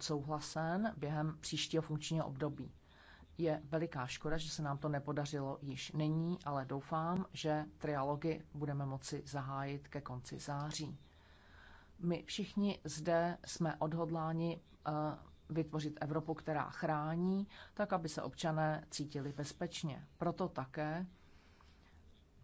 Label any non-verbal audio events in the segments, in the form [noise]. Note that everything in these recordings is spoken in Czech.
odsouhlasen během příštího funkčního období. Je veliká škoda, že se nám to nepodařilo již nyní, ale doufám, že trialogy budeme moci zahájit ke konci září. My všichni zde jsme odhodláni eh, vytvořit Evropu, která chrání, tak aby se občané cítili bezpečně. Proto také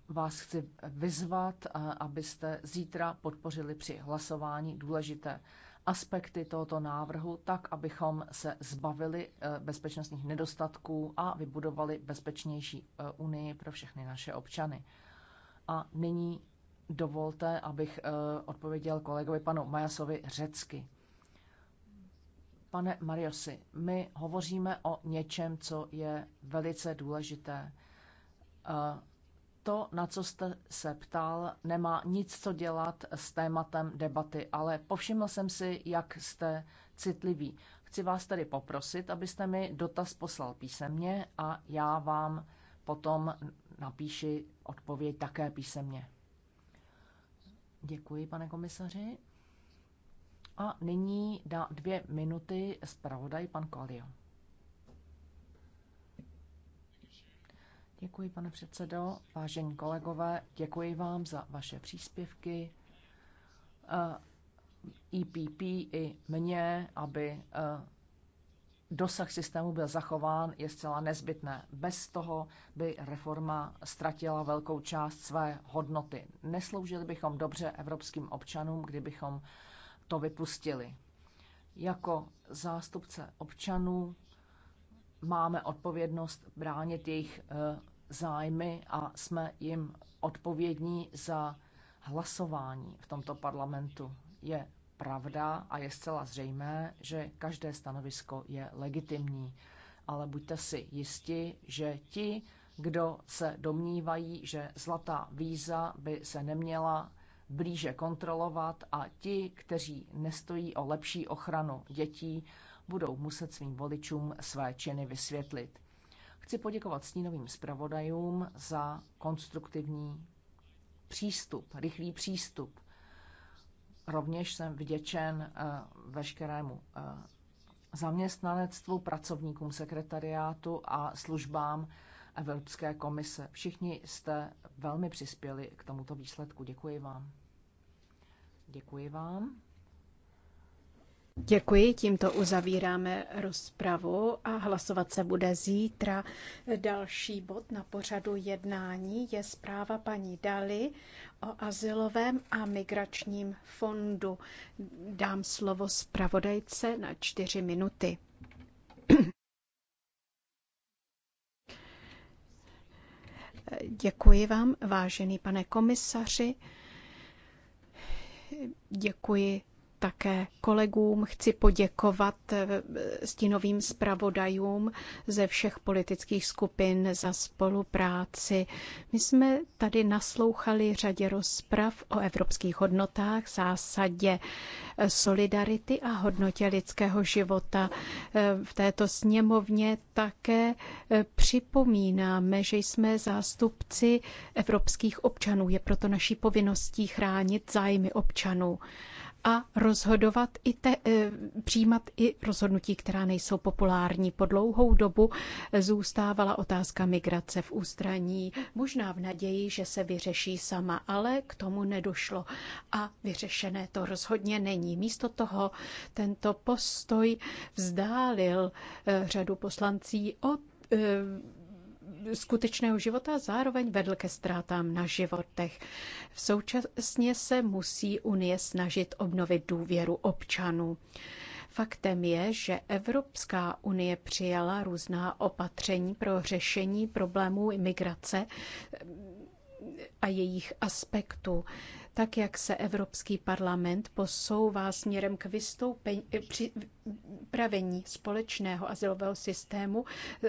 vás chci vyzvat, eh, abyste zítra podpořili při hlasování důležité aspekty tohoto návrhu tak, abychom se zbavili eh, bezpečnostních nedostatků a vybudovali bezpečnější eh, unii pro všechny naše občany. A nyní dovolte, abych eh, odpověděl kolegovi panu Majasovi řecky. Pane Mariosi, my hovoříme o něčem, co je velice důležité to, na co jste se ptal, nemá nic co dělat s tématem debaty, ale povšiml jsem si, jak jste citliví. Chci vás tedy poprosit, abyste mi dotaz poslal písemně a já vám potom napíši odpověď také písemně. Děkuji, pane komisaři. A nyní dá dvě minuty zpravodaj pan Kolio. Děkuji, pane předsedo. Vážení kolegové, děkuji vám za vaše příspěvky. EPP eh, e i mně, aby eh, dosah systému byl zachován, je zcela nezbytné. Bez toho by reforma ztratila velkou část své hodnoty. Nesloužili bychom dobře evropským občanům, kdybychom to vypustili. Jako zástupce občanů máme odpovědnost bránit jejich eh, zájmy a jsme jim odpovědní za hlasování v tomto parlamentu. Je pravda a je zcela zřejmé, že každé stanovisko je legitimní. Ale buďte si jisti, že ti, kdo se domnívají, že zlatá víza by se neměla blíže kontrolovat a ti, kteří nestojí o lepší ochranu dětí, budou muset svým voličům své činy vysvětlit. Chci poděkovat stínovým zpravodajům za konstruktivní přístup, rychlý přístup. Rovněž jsem vděčen eh, veškerému eh, zaměstnanectvu, pracovníkům sekretariátu a službám Evropské komise. Všichni jste velmi přispěli k tomuto výsledku. Děkuji vám. Děkuji vám. Děkuji, tímto uzavíráme rozpravu a hlasovat se bude zítra. Další bod na pořadu jednání je zpráva paní Dali o asilovém a migračním fondu. Dám slovo zpravodajce na čtyři minuty. Děkuji vám, vážený pane komisaři. Děkuji také kolegům chci poděkovat eh, stínovým zpravodajům ze všech politických skupin za spolupráci. My jsme tady naslouchali řadě rozprav o evropských hodnotách, zásadě eh, solidarity a hodnotě lidského života. Eh, v této sněmovně také připomínáme, že jsme zástupci evropských občanů. Je proto naší povinností chránit zájmy občanů a rozhodovat i te, e, přijímat i rozhodnutí, která nejsou populární. Po dlouhou dobu zůstávala otázka migrace v ústraní, možná v naději, že se vyřeší sama, ale k tomu nedošlo. A vyřešené to rozhodně není. Místo toho tento postoj vzdálil e, řadu poslancí od e, skutečného života a zároveň vedl ke ztrátám na životech. V současně se musí Unie snažit obnovit důvěru občanů. Faktem je, že Evropská unie přijala různá opatření pro řešení problémů imigrace a jejich aspektů tak jak se Evropský parlament posouvá směrem k vystoupení, eh, pravení společného azylového systému, eh,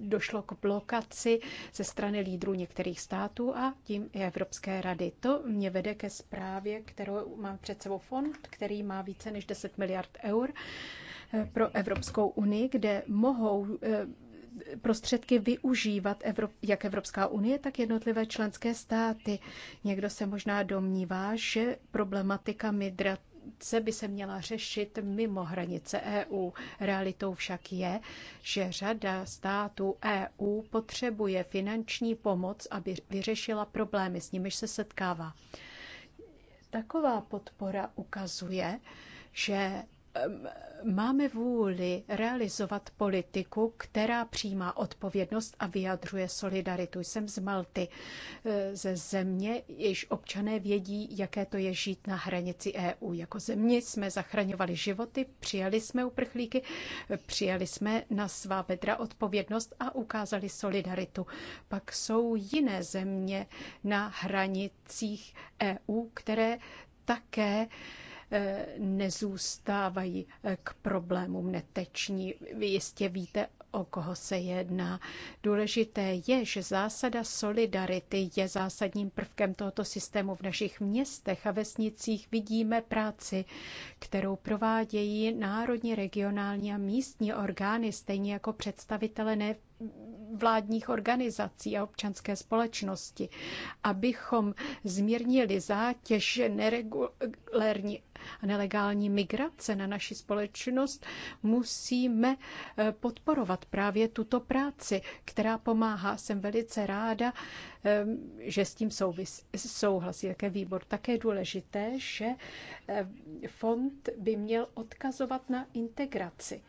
došlo k blokaci ze strany lídrů některých států a tím i Evropské rady. To mě vede ke zprávě, kterou má před sebou fond, který má více než 10 miliard eur eh, pro Evropskou unii, kde mohou prostředky využívat Evrop, jak Evropská unie, tak jednotlivé členské státy. Někdo se možná domnívá, že problematika migrace se by se měla řešit mimo hranice EU. Realitou však je, že řada států EU potřebuje finanční pomoc, aby vyřešila problémy, s nimiž se setkává. Taková podpora ukazuje, že Ehm, máme vůli realizovat politiku, která přijímá odpovědnost a vyjadřuje solidaritu. Jsem z Malty, eh, ze země, jejíž občané vědí, jaké to je žít na hranici EU. Jako země jsme zachraňovali životy, přijali jsme uprchlíky, přijali jsme na svá bedra odpovědnost a ukázali solidaritu. Pak jsou jiné země na hranicích EU, které také nezůstávají eh, k problémům neteční. Vy jistě víte, o koho se jedná. Důležité je, že zásada solidarity je zásadním prvkem tohoto systému. V našich městech a vesnicích vidíme práci, kterou provádějí národní, regionální a místní orgány, stejně jako představitelé vládních organizací a občanské společnosti, abychom zmírnili zátěž neregulérní a nelegální migrace na naši společnost, musíme eh, podporovat právě tuto práci, která pomáhá. Jsem velice ráda, eh, že s tím souhlasí také výbor. Také je důležité, že eh, fond by měl odkazovat na integraci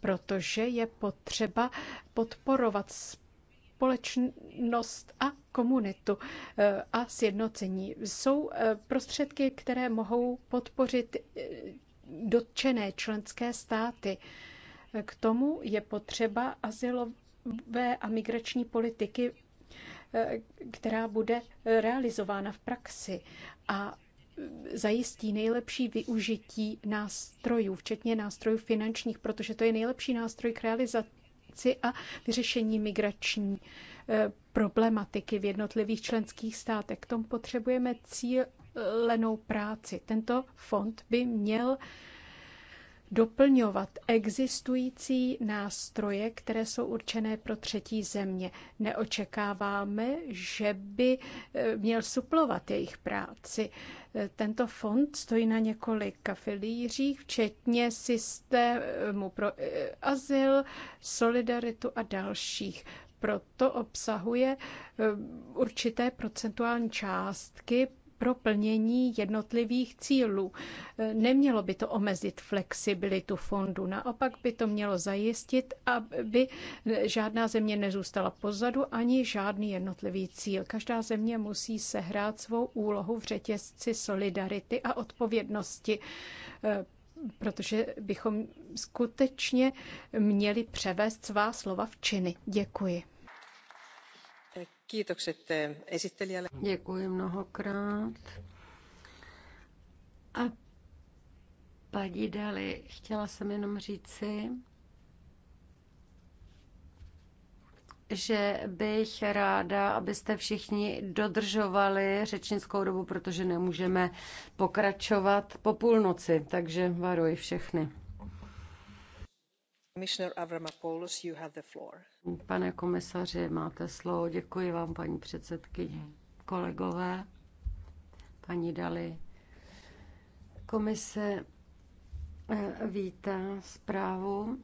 protože je potřeba podporovat společnost a komunitu eh, a sjednocení. Jsou eh, prostředky, které mohou podpořit eh, dotčené členské státy. K tomu je potřeba asilové a migrační politiky, která bude realizována v praxi. A zajistí nejlepší využití nástrojů, včetně nástrojů finančních, protože to je nejlepší nástroj k realizaci a vyřešení migrační eh, problematiky v jednotlivých členských státech. K tomu potřebujeme cílenou práci. Tento fond by měl doplňovat existující nástroje, které jsou určené pro třetí země. Neočekáváme, že by eh, měl suplovat jejich práci. Eh, tento fond stojí na několika filířích, včetně systému pro eh, azyl, solidaritu a dalších proto obsahuje určité procentuální částky pro plnění jednotlivých cílů. Nemělo by to omezit flexibilitu fondu, naopak by to mělo zajistit, aby žádná země nezůstala pozadu ani žádný jednotlivý cíl. Každá země musí sehrát svou úlohu v řetězci solidarity a odpovědnosti protože bychom skutečně měli převést svá slova v činy. Děkuji. Eh, Děkuji mnohokrát. A paní Dali, chtěla jsem jenom říci, že bych ráda, abyste všichni dodržovali řečnickou dobu, protože nemůžeme pokračovat po půlnoci, takže varuji všechny. Pane komisaři, máte slovo. Děkuji vám, paní předsedkyně. Kolegové, paní Dali, komise eh, vítá zprávu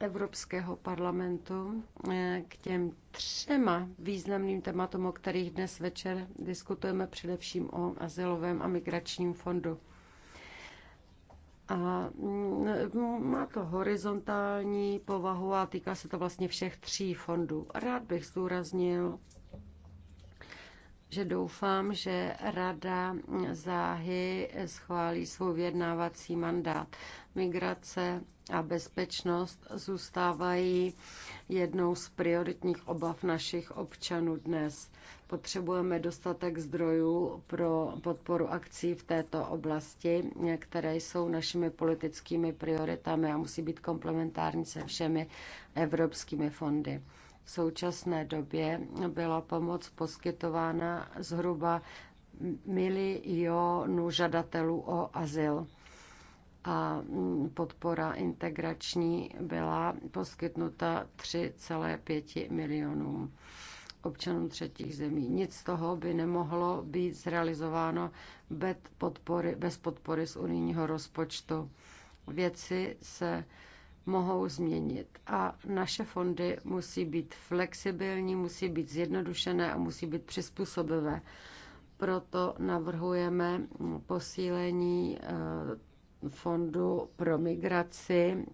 Evropského parlamentu eh, k těm třema významným tématům, o kterých dnes večer diskutujeme, především o azylovém a migračním fondu. A mm, má to horizontální povahu a týká se to vlastně všech tří fondů. Rád bych zdůraznil, že doufám, že Rada záhy schválí svůj vyjednávací mandát. Migrace a bezpečnost zůstávají jednou z prioritních obav našich občanů dnes. Potřebujeme dostatek zdrojů pro podporu akcí v této oblasti, které jsou našimi politickými prioritami a musí být komplementární se všemi evropskými fondy. V současné době byla pomoc poskytována zhruba milionu žadatelů o azyl a podpora integrační byla poskytnuta 3,5 milionům občanům třetích zemí. Nic z toho by nemohlo být zrealizováno bez podpory, bez podpory z unijního rozpočtu. Věci se mohou změnit a naše fondy musí být flexibilní, musí být zjednodušené a musí být přizpůsobivé. Proto navrhujeme posílení eh, fondu pro migraci,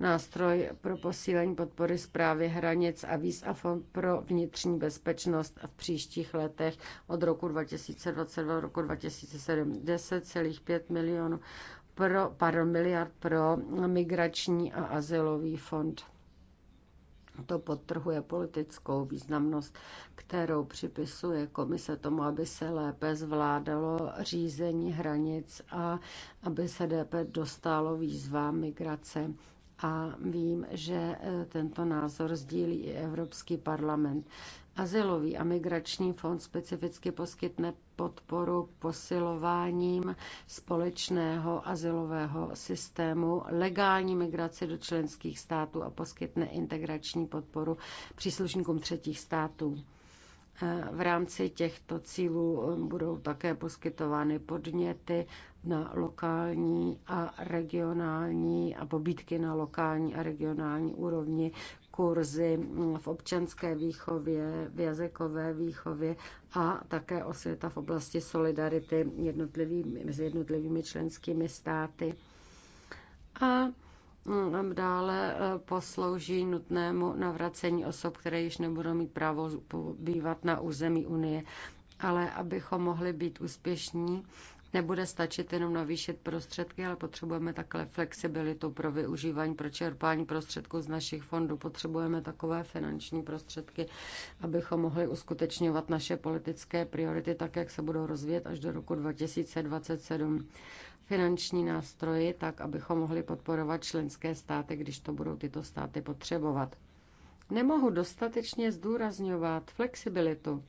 nástroj pro posílení podpory zprávy hranic a víz a fond pro vnitřní bezpečnost v příštích letech od roku 2022 do roku 2007 10,5 milionů pro, pardon, miliard pro migrační a asilový fond. To podtrhuje politickou významnost, kterou připisuje komise tomu, aby se lépe zvládalo řízení hranic a aby se DP dostalo výzvám migrace. A vím, že eh, tento názor sdílí i Evropský parlament. Azylový a migrační fond specificky poskytne podporu posilováním společného azylového systému, legální migraci do členských států a poskytne integrační podporu příslušníkům třetích států. Eh, v rámci těchto cílů budou také poskytovány podněty na lokální a regionální a pobídky na lokální a regionální úrovni, kurzy v občanské výchově, v jazykové výchově a také osvěta v oblasti solidarity jednotlivými, mezi jednotlivými členskými státy. A mm, dále e, poslouží nutnému navracení osob, které již nebudou mít právo bývat na území Unie. Ale abychom mohli být úspěšní, Nebude stačit jenom navýšit prostředky, ale potřebujeme také flexibilitu pro využívání, pro čerpání prostředků z našich fondů. Potřebujeme takové finanční prostředky, abychom mohli uskutečňovat naše politické priority tak, jak se budou rozvíjet až do roku 2027 finanční nástroji, tak abychom mohli podporovat členské státy, když to budou tyto státy potřebovat. Nemohu dostatečně zdůrazňovat flexibilitu.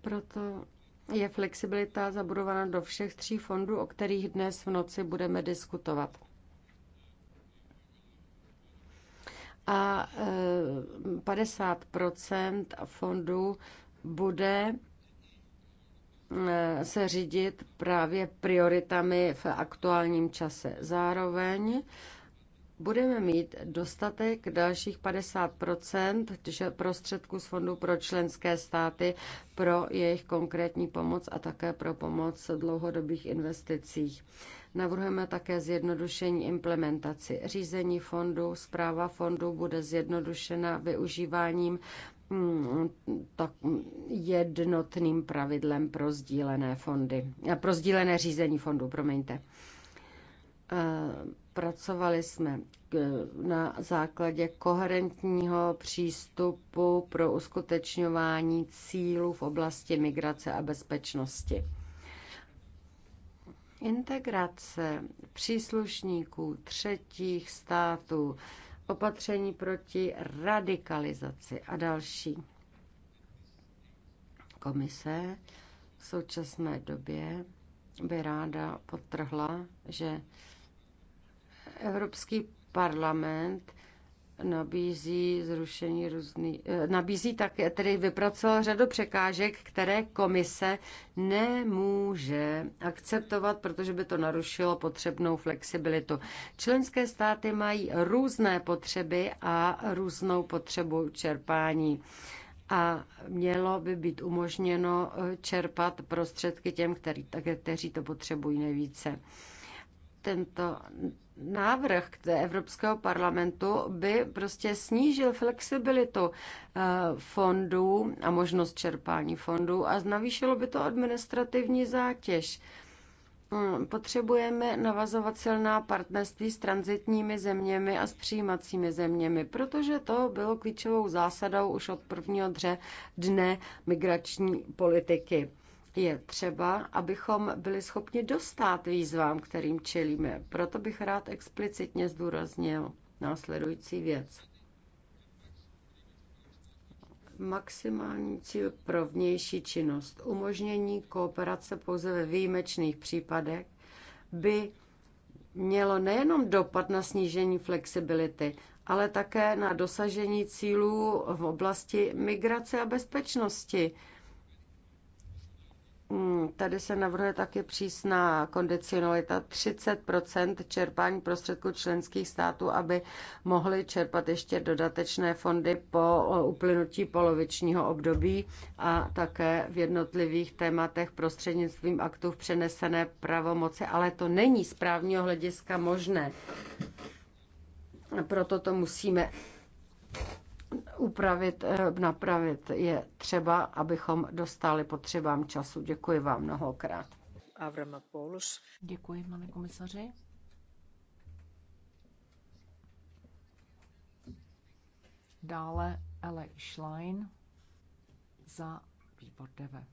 Proto je flexibilita zabudovaná do všech tří fondů, o kterých dnes v noci budeme diskutovat. A 50 eh, fondů bude eh, se řídit právě prioritami v aktuálním čase. Zároveň budeme mít dostatek dalších 50 prostředků z fondu pro členské státy pro jejich konkrétní pomoc a také pro pomoc v dlouhodobých investicích. Navrhujeme také zjednodušení implementaci. Řízení fondu, zpráva fondu bude zjednodušena využíváním mm, tak jednotným pravidlem pro sdílené fondy, pro sdílené řízení fondu, promiňte Pracovali jsme eh, na základě koherentního přístupu pro uskutečňování cílů v oblasti migrace a bezpečnosti. Integrace příslušníků třetích států, opatření proti radikalizaci a další. Komise v současné době by ráda potrhla, že Evropský parlament nabízí zrušení různý, eh, nabízí také, tedy vypracoval řadu překážek, které komise nemůže akceptovat, protože by to narušilo potřebnou flexibilitu. Členské státy mají různé potřeby a různou potřebu čerpání a mělo by být umožněno eh, čerpat prostředky těm, který, kteří to potřebují nejvíce tento návrh Evropského parlamentu by prostě snížil flexibilitu eh, fondů a možnost čerpání fondů a navýšilo by to administrativní zátěž. Mm, potřebujeme navazovat silná partnerství s transitními zeměmi a s přijímacími zeměmi, protože to bylo klíčovou zásadou už od prvního dře dne migrační politiky je třeba, abychom byli schopni dostat výzvám, kterým čelíme. Proto bych rád explicitně zdůraznil následující věc. Maximální cíl pro vnější činnost, umožnění kooperace pouze ve výjimečných případech, by mělo nejenom dopad na snížení flexibility, ale také na dosažení cílů v oblasti migrace a bezpečnosti Hmm, tady se navrhuje taky přísná kondicionalita 30 čerpání prostředků členských států, aby mohly čerpat ještě dodatečné fondy po uplynutí polovičního období a také v jednotlivých tématech prostřednictvím aktů v přenesené pravomoci, ale to není z právního hlediska možné. Proto to musíme upravit, eh, napravit je třeba, abychom dostali potřebám času. Děkuji vám mnohokrát. Avramopoulos. Děkuji, pane komisaři. Dále Ele Schlein za výbor DEVE.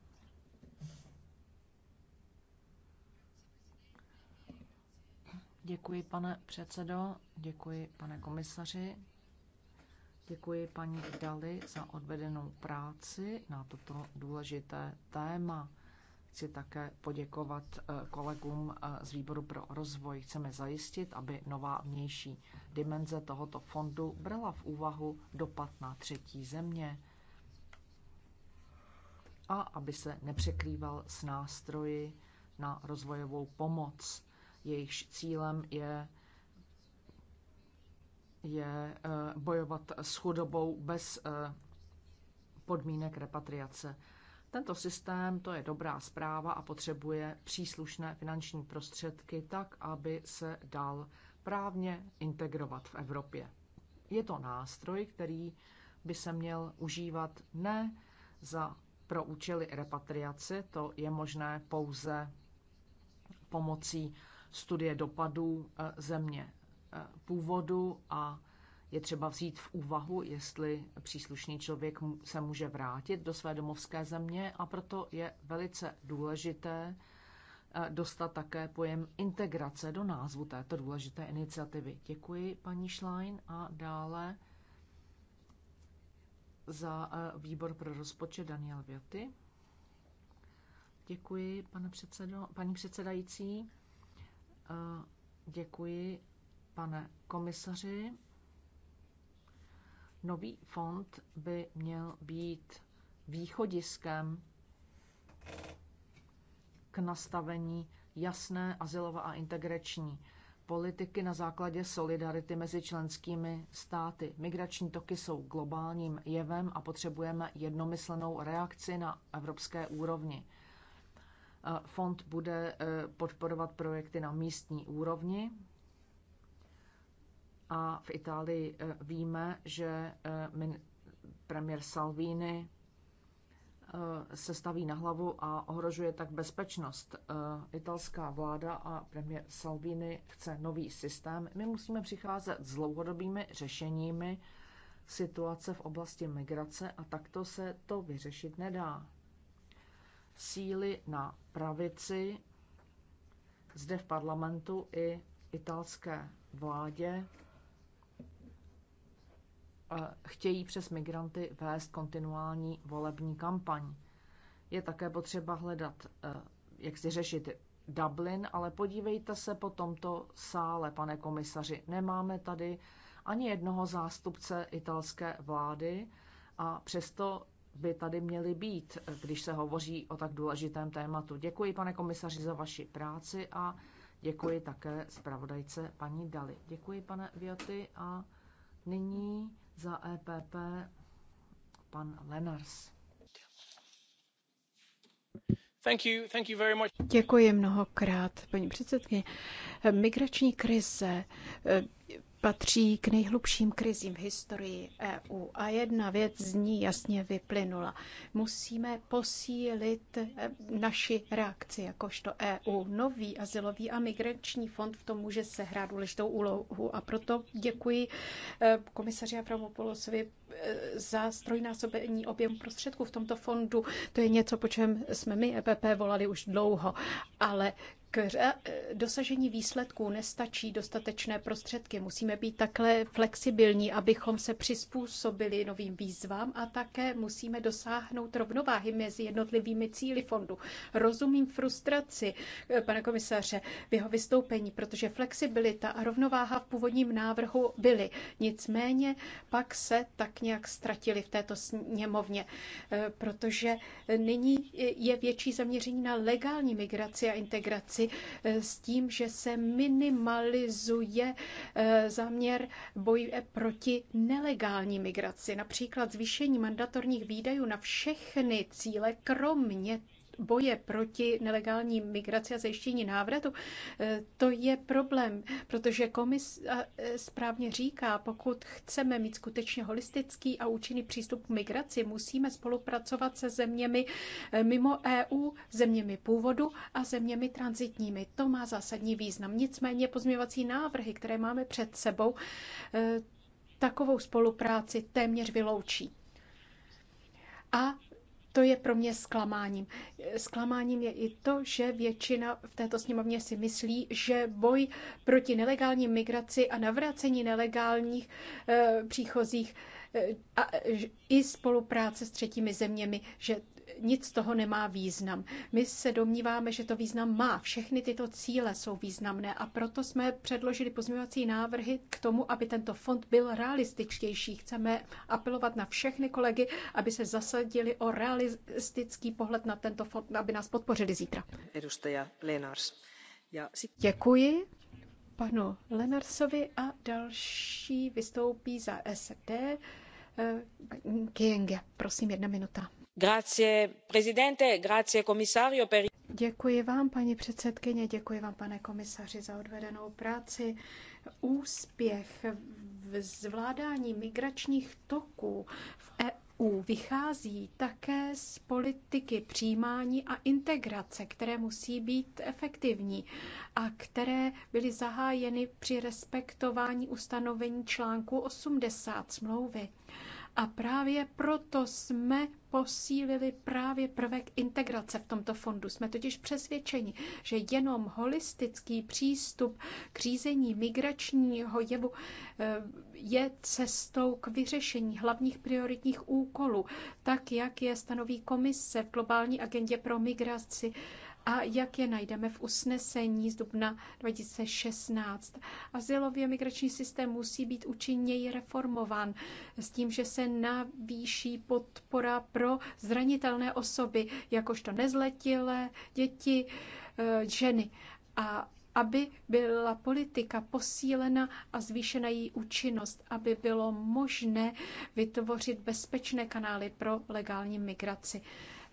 Děkuji, pane předsedo, děkuji, pane komisaři, Děkuji paní Dali za odvedenou práci na toto důležité téma. Chci také poděkovat eh, kolegům eh, z Výboru pro rozvoj. Chceme zajistit, aby nová vnější dimenze tohoto fondu brala v úvahu dopad na třetí země a aby se nepřekrýval s nástroji na rozvojovou pomoc. Jejichž cílem je je eh, bojovat s chudobou bez eh, podmínek repatriace. Tento systém to je dobrá zpráva a potřebuje příslušné finanční prostředky tak, aby se dal právně integrovat v Evropě. Je to nástroj, který by se měl užívat ne za pro účely repatriace, to je možné pouze pomocí studie dopadů eh, země Eh, původu a je třeba vzít v úvahu, jestli příslušný člověk se může vrátit do své domovské země a proto je velice důležité eh, dostat také pojem integrace do názvu této důležité iniciativy. Děkuji, paní Schlein, a dále za eh, výbor pro rozpočet Daniel Vioty. Děkuji, pane předsedo, paní předsedající. Děkuji pane komisaři. Nový fond by měl být východiskem k nastavení jasné azylové a integrační politiky na základě solidarity mezi členskými státy. Migrační toky jsou globálním jevem a potřebujeme jednomyslenou reakci na evropské úrovni. Eh, fond bude eh, podporovat projekty na místní úrovni, a v Itálii eh, víme, že eh, premiér Salvini eh, se staví na hlavu a ohrožuje tak bezpečnost. Italská vláda a premiér Salvini chce nový systém. My musíme přicházet s dlouhodobými řešeními situace v oblasti migrace a takto se to vyřešit nedá. Síly na pravici zde v parlamentu i italské vládě chtějí přes migranty vést kontinuální volební kampaň. Je také potřeba hledat, eh, jak si řešit Dublin, ale podívejte se po tomto sále, pane komisaři. Nemáme tady ani jednoho zástupce italské vlády a přesto by tady měly být, když se hovoří o tak důležitém tématu. Děkuji, pane komisaři, za vaši práci a děkuji také zpravodajce paní Dali. Děkuji, pane Vioty, a nyní za EPP pan Lenars. Děkuji mnohokrát, paní předsedkyně. Migrační krize patří k nejhlubším krizím v historii EU. A jedna věc z ní jasně vyplynula. Musíme posílit eh, naši reakci jakožto EU. Nový asilový a migrační fond v tom může sehrát důležitou úlohu. A proto děkuji eh, komisaři Avramopoulosovi eh, za strojnásobení objemu prostředků v tomto fondu. To je něco, po čem jsme my EPP volali už dlouho. Ale k eh, dosažení výsledků nestačí dostatečné prostředky. Musíme být takhle flexibilní, abychom se přizpůsobili novým výzvám a také musíme dosáhnout rovnováhy mezi jednotlivými cíly fondu. Rozumím frustraci eh, pane komisaře v jeho vystoupení, protože flexibilita a rovnováha v původním návrhu byly. Nicméně pak se tak nějak ztratili v této sněmovně, eh, protože nyní je větší zaměření na legální migraci a integraci Eh, s tím, že se minimalizuje eh, záměr boje proti nelegální migraci. Například zvýšení mandatorních výdajů na všechny cíle, kromě boje proti nelegální migraci a zajištění návratu, eh, to je problém, protože komis eh, správně říká, pokud chceme mít skutečně holistický a účinný přístup k migraci, musíme spolupracovat se zeměmi eh, mimo EU, zeměmi původu a zeměmi transitními. To má zásadní význam. Nicméně pozměvací návrhy, které máme před sebou, takovou spolupráci téměř vyloučí. A to je pro mě zklamáním. Zklamáním je i to, že většina v této sněmovně si myslí, že boj proti nelegální migraci a navracení nelegálních e, příchozích e, a eh, i spolupráce s třetími zeměmi, že nic z toho nemá význam. My se domníváme, že to význam má. Všechny tyto cíle jsou významné a proto jsme předložili pozměňovací návrhy k tomu, aby tento fond byl realističtější. Chceme apelovat na všechny kolegy, aby se zasadili o realistický pohled na tento fond, aby nás podpořili zítra. Děkuji panu Lenarsovi a další vystoupí za SD. Eh, Kienge, prosím, jedna minuta. Děkuji vám, paní předsedkyně, děkuji vám, pane komisaři, za odvedenou práci. Úspěch v zvládání migračních toků v EU vychází také z politiky přijímání a integrace, které musí být efektivní a které byly zahájeny při respektování ustanovení článku 80 smlouvy. A právě proto jsme posílili právě prvek integrace v tomto fondu. Jsme totiž přesvědčeni, že jenom holistický přístup k řízení migračního jevu eh, je cestou k vyřešení hlavních prioritních úkolů, tak jak je stanoví komise v globální agendě pro migraci a jak je najdeme v usnesení z dubna 2016. Azylově migrační systém musí být účinněji reformován s tím, že se navýší podpora pro zranitelné osoby, jakožto nezletilé, děti, eh, ženy. A aby byla politika posílena a zvýšena její účinnost, aby bylo možné vytvořit bezpečné kanály pro legální migraci.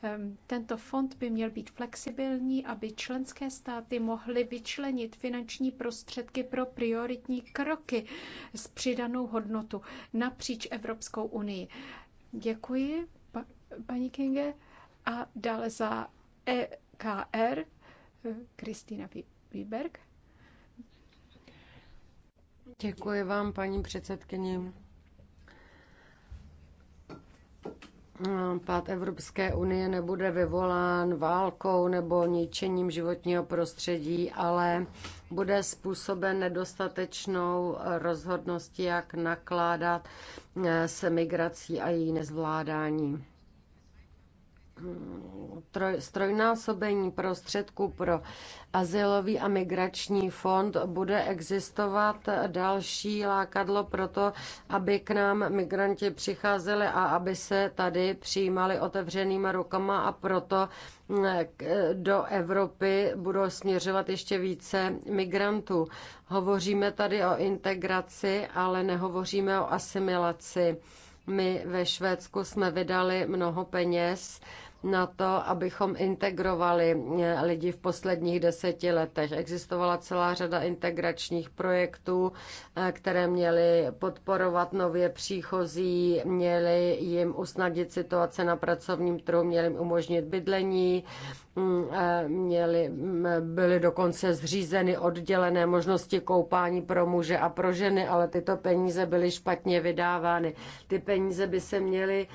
Ehm, tento fond by měl být flexibilní, aby členské státy mohly vyčlenit finanční prostředky pro prioritní kroky s přidanou hodnotu napříč Evropskou unii. Děkuji, pa, paní Kinge, a dále za EKR eh, Kristýna Vy. Výberg. Děkuji vám, paní předsedkyně. Pát Evropské unie nebude vyvolán válkou nebo ničením životního prostředí, ale bude způsoben nedostatečnou rozhodností, jak nakládat eh, s migrací a její nezvládání troj, strojnásobení prostředků pro azylový a migrační fond bude existovat další lákadlo pro to, aby k nám migranti přicházeli a aby se tady přijímali otevřenýma rukama a proto mm, do Evropy budou směřovat ještě více migrantů. Hovoříme tady o integraci, ale nehovoříme o asimilaci my ve Švédsku jsme vydali mnoho peněz na to, abychom integrovali eh, lidi v posledních deseti letech. Existovala celá řada integračních projektů, eh, které měly podporovat nově příchozí, měly jim usnadnit situace na pracovním trhu, měly jim umožnit bydlení, mm, eh, měly, mm, byly dokonce zřízeny oddělené možnosti koupání pro muže a pro ženy, ale tyto peníze byly špatně vydávány. Ty peníze by se měly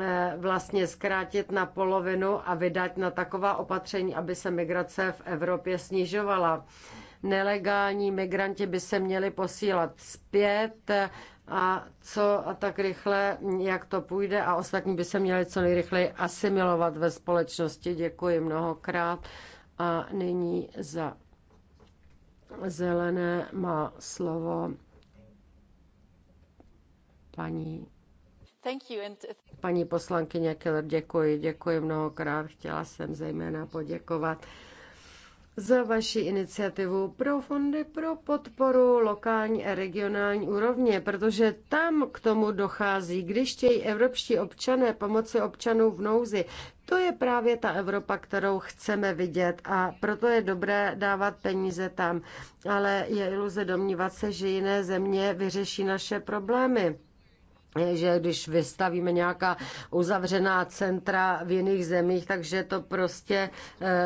Eh, vlastně zkrátit na polovinu a vydat na taková opatření, aby se migrace v Evropě snižovala. Nelegální migranti by se měli posílat zpět a co a tak rychle, jak to půjde a ostatní by se měli co nejrychleji asimilovat ve společnosti. Děkuji mnohokrát a nyní za zelené má slovo paní Paní poslankyně Keller, děkuji, děkuji mnohokrát. Chtěla jsem zejména poděkovat za vaši iniciativu pro fondy pro podporu lokální a regionální úrovně, protože tam k tomu dochází, když chtějí evropští občané pomoci občanům v nouzi. To je právě ta Evropa, kterou chceme vidět a proto je dobré dávat peníze tam. Ale je iluze domnívat se, že jiné země vyřeší naše problémy že když vystavíme nějaká uzavřená centra v jiných zemích, takže to prostě eh,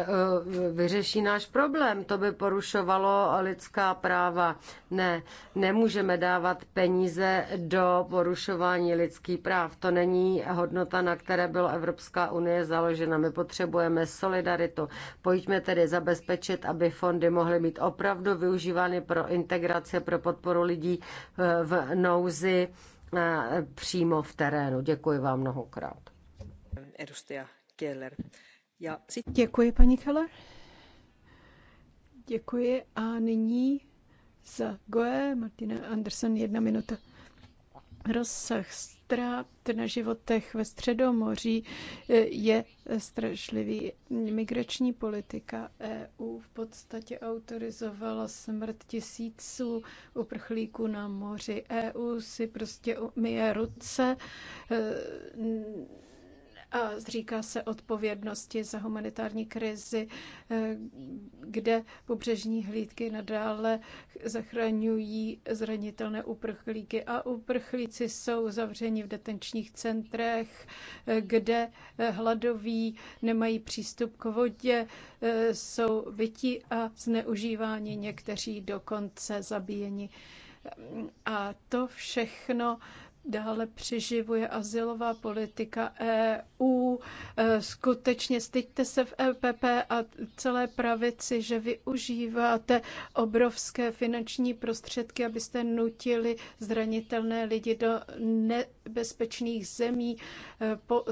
eh, vyřeší náš problém. To by porušovalo lidská práva. Ne, nemůžeme dávat peníze do porušování lidských práv. To není hodnota, na které byla Evropská unie založena. My potřebujeme solidaritu. Pojďme tedy zabezpečit, aby fondy mohly být opravdu využívány pro integraci, pro podporu lidí eh, v nouzi přímo v terénu. Děkuji vám mnohokrát. Keller. Děkuji, paní Keller. Děkuji a nyní za Goe Martina Anderson jedna minuta. Rozsah ztrát na životech ve Středomoří eh, je strašlivý. Migrační politika EU v podstatě autorizovala smrt tisíců uprchlíků na moři. EU si prostě umyje ruce eh, a zříká se odpovědnosti za humanitární krizi, kde pobřežní hlídky nadále zachraňují zranitelné uprchlíky a uprchlíci jsou zavřeni v detenčních centrech, kde hladoví nemají přístup k vodě, jsou vytí a zneužíváni, někteří dokonce zabíjeni. A to všechno Dále přeživuje asilová politika EU. E, skutečně styďte se v EPP a celé pravici, že využíváte obrovské finanční prostředky, abyste nutili zranitelné lidi do nebezpečných zemí e, pod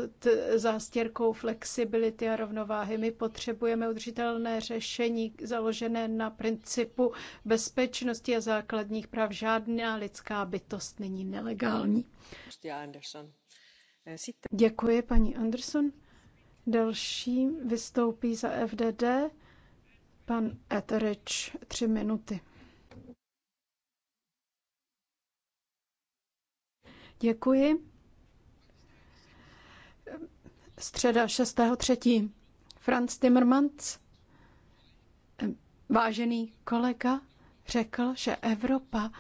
zástěrkou flexibility a rovnováhy. My potřebujeme udržitelné řešení založené na principu bezpečnosti a základních práv. Žádná lidská bytost není nelegální. Děkuji. paní Anderson. Další vystoupí za FDD pan Etheridge, tři minuty. Děkuji. Středa 6.3. Franz Timmermans, vážený kolega, řekl, že Evropa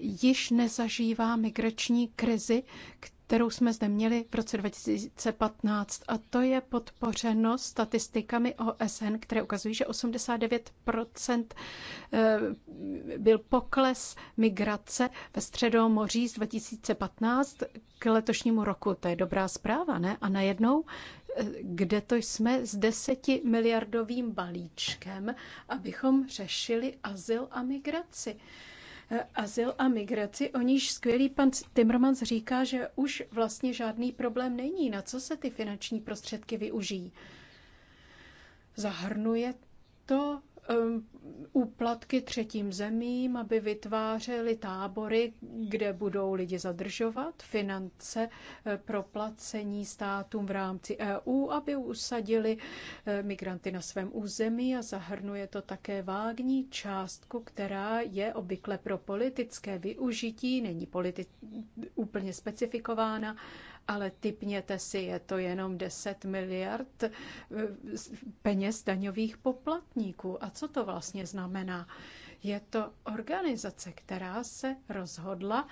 již nezažívá migrační krizi, kterou jsme zde měli v roce 2015. A to je podpořeno statistikami OSN, které ukazují, že 89 eh, byl pokles migrace ve Středomoří z 2015 k letošnímu roku. To je dobrá zpráva, ne? A najednou eh, kde to jsme s desetimiliardovým balíčkem, abychom řešili azyl a migraci. Eh, azyl a migraci, o níž skvělý pan Timmermans říká, že už vlastně žádný problém není. Na co se ty finanční prostředky využijí? Zahrnuje to Um, úplatky třetím zemím, aby vytvářely tábory, kde budou lidi zadržovat, finance eh, pro placení státům v rámci EU, aby usadili eh, migranty na svém území a zahrnuje to také vágní částku, která je obvykle pro politické využití, není politi- úplně specifikována ale typněte si, je to jenom 10 miliard eh, peněz daňových poplatníků. A co to vlastně znamená? Je to organizace, která se rozhodla,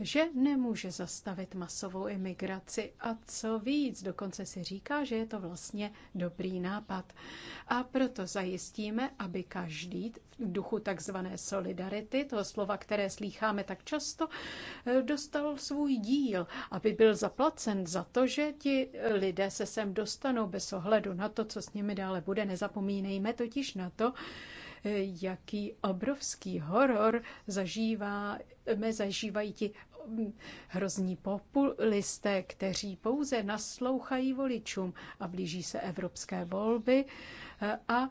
že nemůže zastavit masovou imigraci a co víc, dokonce si říká, že je to vlastně dobrý nápad. A proto zajistíme, aby každý v duchu takzvané solidarity, toho slova, které slýcháme tak často, dostal svůj díl, aby byl zaplacen za to, že ti lidé se sem dostanou bez ohledu na to, co s nimi dále bude. Nezapomínejme totiž na to, jaký obrovský horor zažívá, zažívají ti hrozní populisté, kteří pouze naslouchají voličům a blíží se evropské volby a e,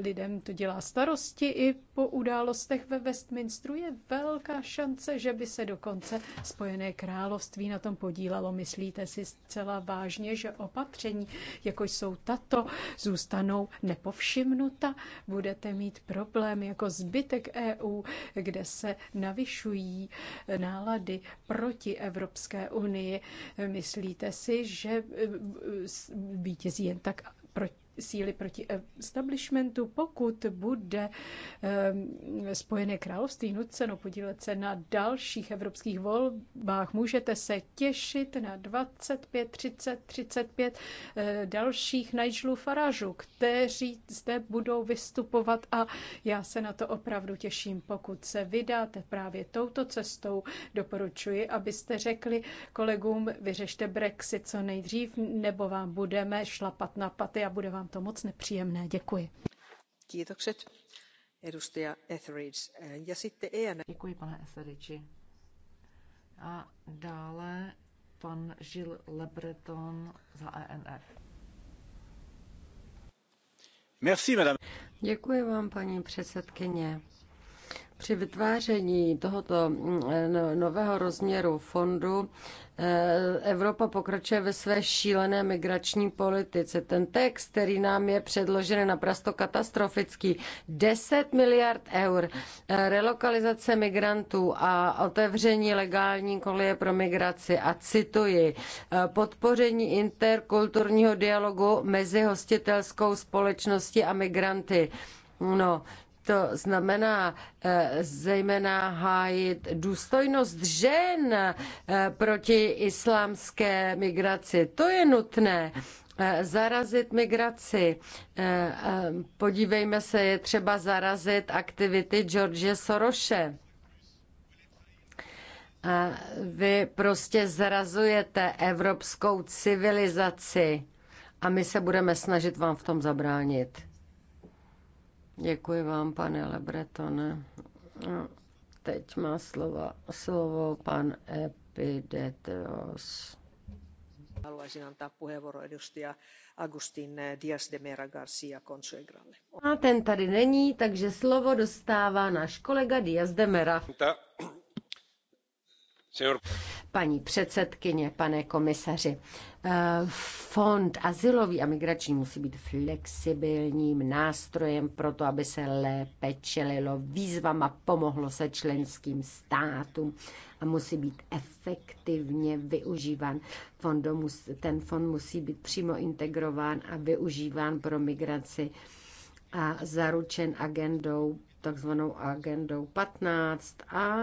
lidem to dělá starosti. I po událostech ve Westminsteru je velká šance, že by se dokonce Spojené království na tom podílelo. Myslíte si zcela vážně, že opatření, jako jsou tato, zůstanou nepovšimnuta? Budete mít problém jako zbytek EU, kde se navyšují nálady proti Evropské unii. Myslíte si, že e, e, vítězí jen tak proti síly proti eh, establishmentu, pokud bude eh, Spojené království nuceno podílet se na dalších evropských volbách. Můžete se těšit na 25, 30, 35 dalších Nigelů Faražů, kteří zde budou vystupovat a já se na to opravdu těším. Pokud se vydáte právě touto cestou, doporučuji, abyste řekli kolegům, vyřešte Brexit co nejdřív, nebo vám budeme šlapat na paty a bude vám vám to moc nepříjemné. Děkuji. E Děkuji, pane Etheridge. A dále pan Gilles Lebreton za ENF. Merci, madame. Děkuji vám, paní předsedkyně. Při vytváření tohoto mm, eh, nového rozměru fondu eh, Evropa pokračuje ve své šílené migrační politice. Ten text, který nám je předložen, je naprosto katastrofický. 10 miliard eur, eh, relokalizace migrantů a otevření legální kolie pro migraci. A cituji, podpoření interkulturního dialogu mezi hostitelskou společností a migranty. No, to znamená eh, zejména hájit důstojnost žen eh, proti islámské migraci. To je nutné eh, zarazit migraci. Podívejme se, je třeba zarazit aktivity George Soroše. A vy prostě zrazujete evropskou civilizaci a my se budeme snažit vám v tom zabránit. Děkuji vám, pane Lebretone. Teď má slovo, slovo pan Epidetos. de Mera A ten tady není, takže slovo dostává náš kolega Díaz de Mera. Paní předsedkyně, pane komisaři, eh, fond asilový a migrační musí být flexibilním nástrojem pro to, aby se lépe čelilo výzvám a pomohlo se členským státům a musí být efektivně využíván. ten fond musí být přímo integrován a využíván pro migraci a zaručen agendou takzvanou agendou 15 a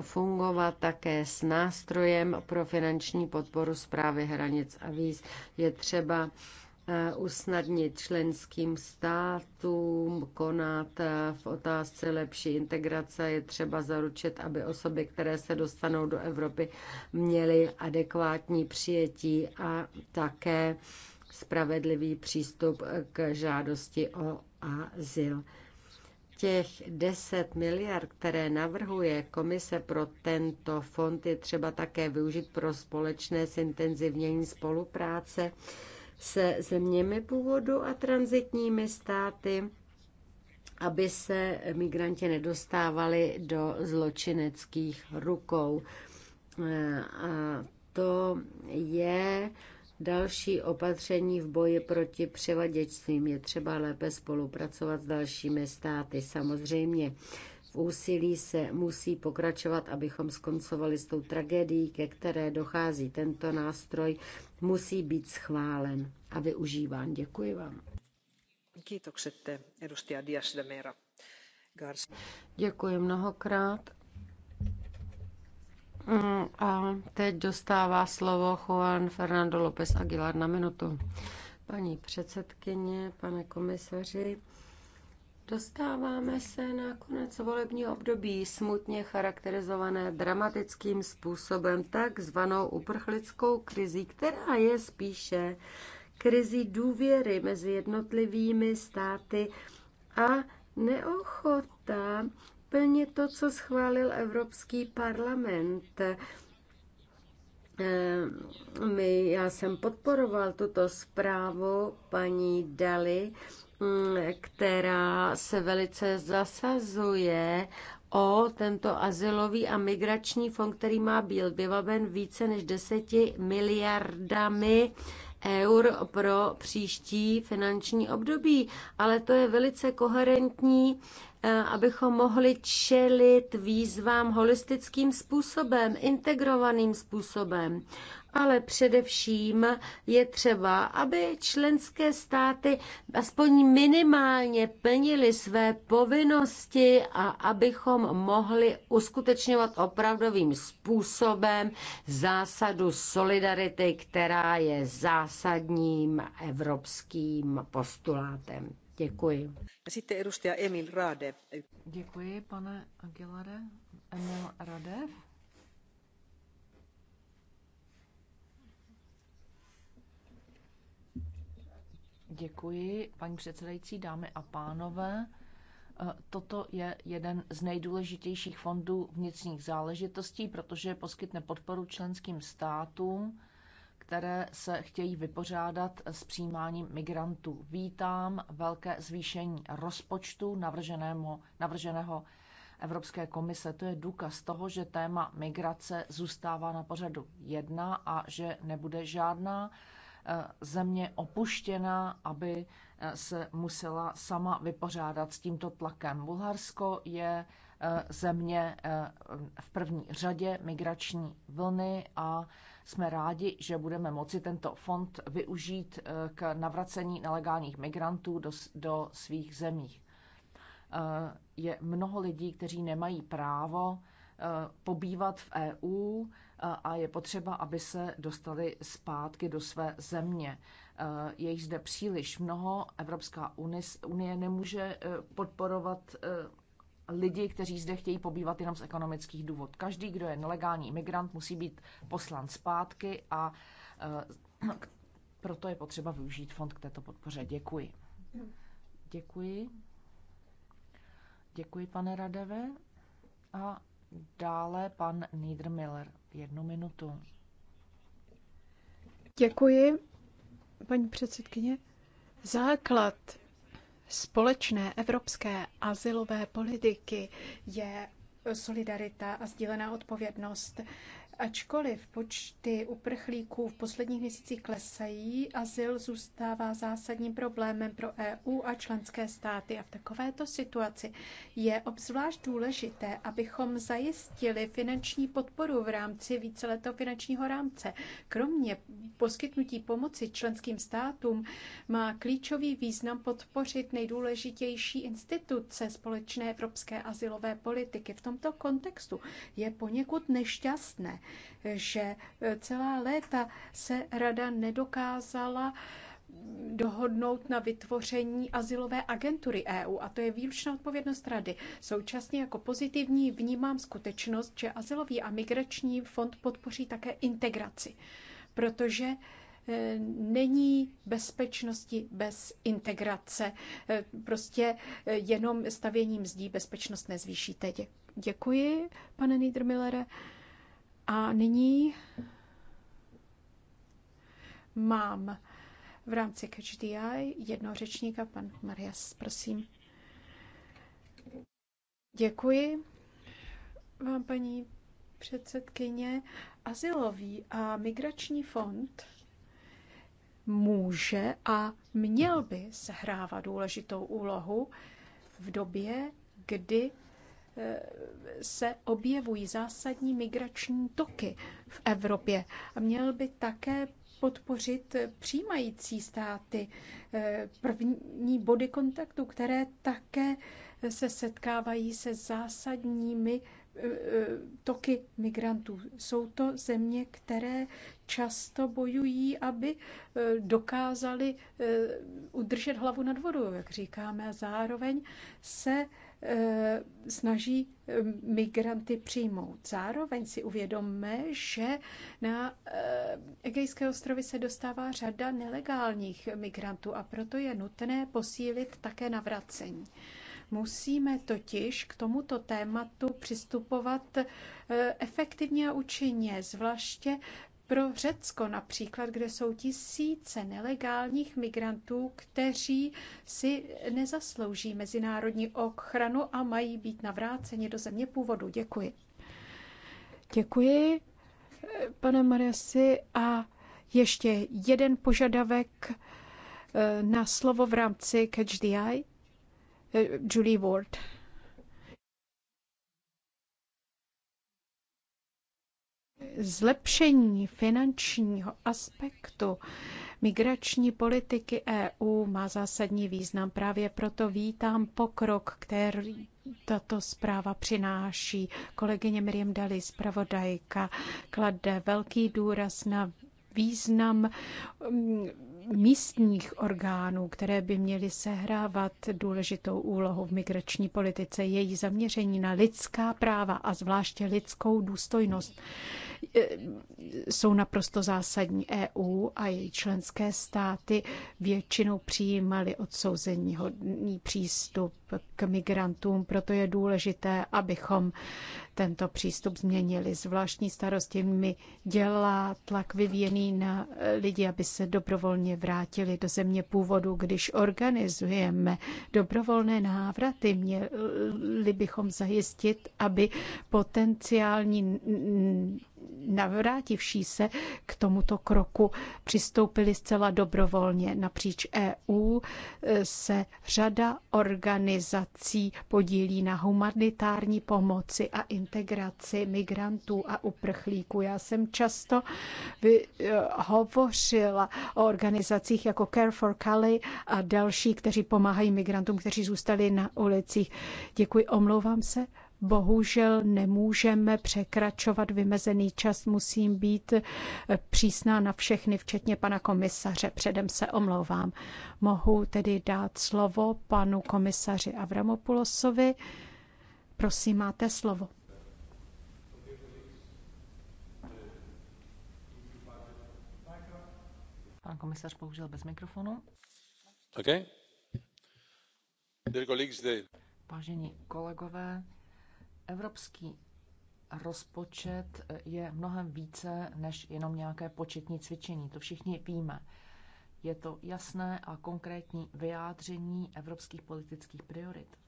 fungovat také s nástrojem pro finanční podporu zprávy hranic a víz. Je třeba eh, usnadnit členským státům konat eh, v otázce lepší integrace. Je třeba zaručit, aby osoby, které se dostanou do Evropy, měly adekvátní přijetí a také spravedlivý přístup eh, k žádosti o azyl. Těch 10 miliard, které navrhuje komise pro tento fond, je třeba také využít pro společné zintenzivnění spolupráce se zeměmi původu a transitními státy, aby se migranti nedostávali do zločineckých rukou. A to je Další opatření v boji proti převaděčstvím je třeba lépe spolupracovat s dalšími státy. Samozřejmě v úsilí se musí pokračovat, abychom skoncovali s tou tragédií, ke které dochází. Tento nástroj musí být schválen a využíván. Děkuji vám. Děkuji mnohokrát. Mm, a teď dostává slovo Juan Fernando López Aguilar na minutu. Paní předsedkyně, pane komisaři, dostáváme se na konec volebního období smutně charakterizované dramatickým způsobem takzvanou uprchlickou krizí, která je spíše krizí důvěry mezi jednotlivými státy a neochota plně to, co schválil Evropský parlament. Eh, my, já jsem podporoval tuto zprávu paní Dali, mm, která se velice zasazuje o tento asilový a migrační fond, který má být vybaven více než 10 miliardami eur pro příští finanční období. Ale to je velice koherentní Eh, abychom mohli čelit výzvám holistickým způsobem, integrovaným způsobem. Ale především je třeba, aby členské státy aspoň minimálně plnily své povinnosti a abychom mohli uskutečňovat opravdovým způsobem zásadu solidarity, která je zásadním evropským postulátem. Děkuji. Emil Děkuji, pane Aguilare. Emil Radev. Děkuji, paní předsedající, dámy a pánové. Eh, toto je jeden z nejdůležitějších fondů vnitřních záležitostí, protože poskytne podporu členským státům které se chtějí vypořádat s přijímáním migrantů. Vítám velké zvýšení rozpočtu navrženého, navrženého Evropské komise. To je důkaz toho, že téma migrace zůstává na pořadu jedna a že nebude žádná eh, země opuštěna, aby eh, se musela sama vypořádat s tímto tlakem. Bulharsko je eh, země v první řadě migrační vlny a jsme rádi, že budeme moci tento fond využít eh, k navracení nelegálních migrantů do, do svých zemí. Eh, je mnoho lidí, kteří nemají právo eh, pobývat v EU a je potřeba, aby se dostali zpátky do své země. Je jich zde příliš mnoho. Evropská unie nemůže podporovat lidi, kteří zde chtějí pobývat jenom z ekonomických důvod. Každý, kdo je nelegální imigrant, musí být poslan zpátky a eh, [clears throat] proto je potřeba využít fond k této podpoře. Děkuji. Děkuji. Děkuji, pane Radeve. A dále pan Niedermiller. Jednu minutu. Děkuji, paní předsedkyně. Základ společné evropské azylové politiky je solidarita a sdílená odpovědnost. Ačkoliv počty uprchlíků v posledních měsících klesají, azyl zůstává zásadním problémem pro EU a členské státy. A v takovéto situaci je obzvlášť důležité, abychom zajistili finanční podporu v rámci víceletého finančního rámce. Kromě poskytnutí pomoci členským státům má klíčový význam podpořit nejdůležitější instituce společné evropské azylové politiky. V tomto kontextu je poněkud nešťastné, že celá léta se rada nedokázala dohodnout na vytvoření asilové agentury EU a to je výlučná odpovědnost Rady. Současně jako pozitivní vnímám skutečnost, že asilový a migrační fond podpoří také integraci, protože eh, není bezpečnosti bez integrace. Eh, prostě eh, jenom stavěním zdí bezpečnost nezvýšíte. Děkuji, pane Niedermillere. A nyní mám v rámci CatchDI jedno řečníka, pan Marias, prosím. Děkuji vám, paní předsedkyně. Azylový a migrační fond může a měl by sehrávat důležitou úlohu v době, kdy se objevují zásadní migrační toky v Evropě a měl by také podpořit přijímající státy, první body kontaktu, které také se setkávají se zásadními eh, eh, toky migrantů. Jsou to země, které často bojují, aby eh, dokázali udržet hlavu nad vodou, jak říkáme, a zároveň se Eh, snaží eh, migranty přijmout. Zároveň si uvědomme, že na eh, Egejské ostrovy se dostává řada nelegálních migrantů a proto je nutné posílit také navracení. Musíme totiž k tomuto tématu přistupovat efektivně a účinně, zvláště pro Řecko například, kde jsou tisíce nelegálních migrantů, kteří si nezaslouží mezinárodní ochranu a mají být navráceni do země původu. Děkuji. Děkuji, pane Mariasi. A ještě jeden požadavek eh, na slovo v rámci Catch the Eye. Eh, Julie Ward. zlepšení finančního aspektu migrační politiky EU má zásadní význam. Právě proto vítám pokrok, který tato zpráva přináší. Kolegyně Miriam Dali, zpravodajka, klade velký důraz na význam mm, místních orgánů, které by měly sehrávat důležitou úlohu v migrační politice, její zaměření na lidská práva a zvláště lidskou důstojnost Eh, jsou naprosto zásadní. EU a její členské státy většinou přijímali odsouzení hodný přístup k migrantům, proto je důležité, abychom tento přístup změnili. Zvláštní starosti mi dělá tlak vyvíjený na lidi, aby se dobrovolně vrátili do země původu. Když organizujeme dobrovolné návraty, měli bychom zajistit, aby potenciální navrátivší se k tomuto kroku přistoupili zcela dobrovolně. Napříč EU se řada organizací podílí na humanitární pomoci a integraci migrantů a uprchlíků. Já jsem často vy, eh, hovořila o organizacích jako Care for Cali a další, kteří pomáhají migrantům, kteří zůstali na ulicích. Děkuji, omlouvám se. Bohužel nemůžeme překračovat vymezený čas, musím být přísná na všechny, včetně pana komisaře. Předem se omlouvám. Mohu tedy dát slovo panu komisaři Avramopulosovi. Prosím, máte slovo. Pan komisař bohužel bez mikrofonu. Okay. Vážení kolegové, Evropský rozpočet je mnohem více než jenom nějaké početní cvičení. To všichni víme. Je to jasné a konkrétní vyjádření evropských politických priorit.